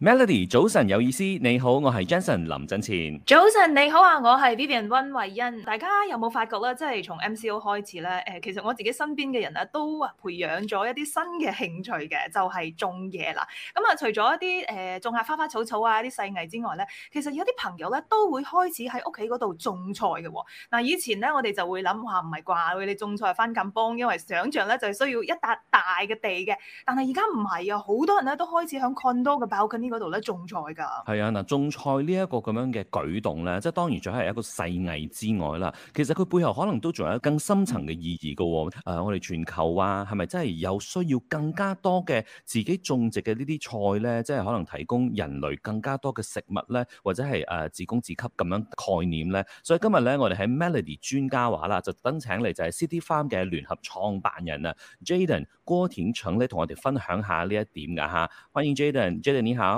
Melody，早晨有意思，你好，我係 Jason 林振前。早晨你好啊，我係 Vivian 溫慧欣。大家有冇發覺咧？即係從 MCO 開始咧，誒，其實我自己身邊嘅人咧都培養咗一啲新嘅興趣嘅，就係、是、種嘢啦。咁啊，除咗一啲誒種下花花草草啊，啲細藝之外咧，其實有啲朋友咧都會開始喺屋企嗰度種菜嘅。嗱，以前咧我哋就會諗話唔係啩，你種菜翻咁荒，因為想象咧就係需要一笪大嘅地嘅。但係而家唔係啊，好多人咧都開始響 condo 嘅 balcony。嗰度咧種菜㗎，係啊嗱，種菜這這的呢一個咁樣嘅舉動咧，即係當然仲係一個細藝之外啦。其實佢背後可能都仲有更深層嘅意義噶、喎。誒、嗯呃，我哋全球啊，係咪真係有需要更加多嘅自己種植嘅呢啲菜咧？即係可能提供人類更加多嘅食物咧，或者係誒自供自給咁樣概念咧。所以今日咧，我哋喺 Melody 專家話啦，就登請嚟就係 City Farm 嘅聯合創辦人啊，Jaden 郭田長咧，同我哋分享下呢一點㗎嚇。歡迎 Jaden，Jaden 你好。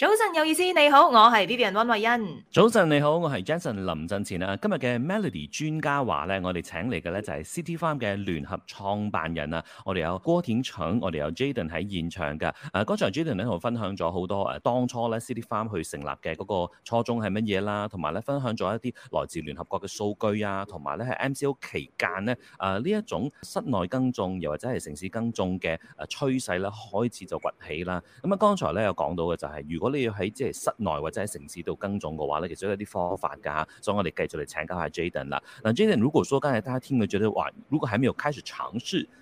早晨有意思，你好，我係呢啲人溫慧欣。早晨，你好，我係 Jason 林振前啊。今日嘅 Melody 專家話咧，我哋請嚟嘅咧就係 City Farm 嘅聯合創辦人啊。我哋有郭天祥，我哋有 Jaden 喺現場噶。誒，剛才 Jaden 咧同我分享咗好多誒，當初咧 City Farm 去成立嘅嗰個初衷係乜嘢啦，同埋咧分享咗一啲來自聯合國嘅數據啊，同埋咧喺 MCO 期間咧，誒呢一種室內耕種又或者係城市耕種嘅誒趨勢咧開始就崛起啦。咁啊、就是，剛才咧有講到嘅就係如果如果你要喺即係室內或者喺城市度耕種嘅話，其實都有啲方法㗎，所以我哋繼續嚟請教下 Jaden 啦。嗱，Jaden，如果說剛才大家聽咗覺得哇，如果還沒有開始嘗試。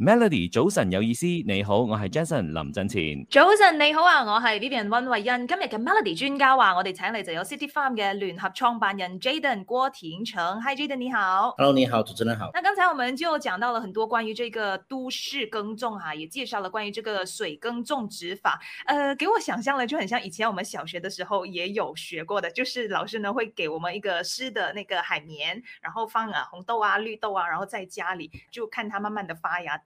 Melody，早晨有意思，你好，我係 Jason 林振前。早晨你好啊，我係 Vivian One w a 温慧欣。今日嘅 Melody 專家話，我哋請嚟就有 City Farm 嘅聯合創辦人 Jaden 郭廷成。Hi Jaden，你好。Hello，你好，主持人好。那剛才我們就講到了很多關於這個都市耕種哈、啊，也介紹了關於這個水耕種植法。呃，給我想象了，就很像以前我們小學的時候也有學過的，就是老師呢會給我們一個濕的那個海綿，然後放啊紅豆啊綠豆啊，然後在家裡就看它慢慢的發芽。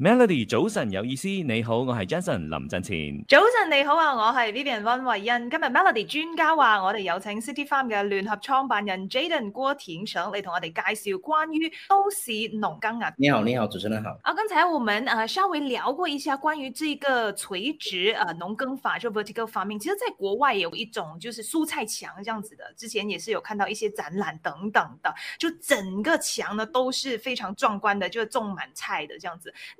Melody，早晨有意思，你好，我係 Jason 林振前。早晨你好啊，我係 Vivian 溫慧欣。今日 Melody 專家話，我哋有請 City Farm 嘅聯合創辦人 Jaden 郭恬成嚟同我哋介紹關於都市農耕嘅、啊。你好，你好，主持人好。我、啊、剛才我們誒、呃、稍微聊過一下關於這個垂直誒、呃、農耕法，就 vertical farming。其實，在國外有一種就是蔬菜牆這樣子的，之前也是有看到一些展覽等等的，就整個牆呢都是非常壯觀的，就是、種滿菜的這樣子。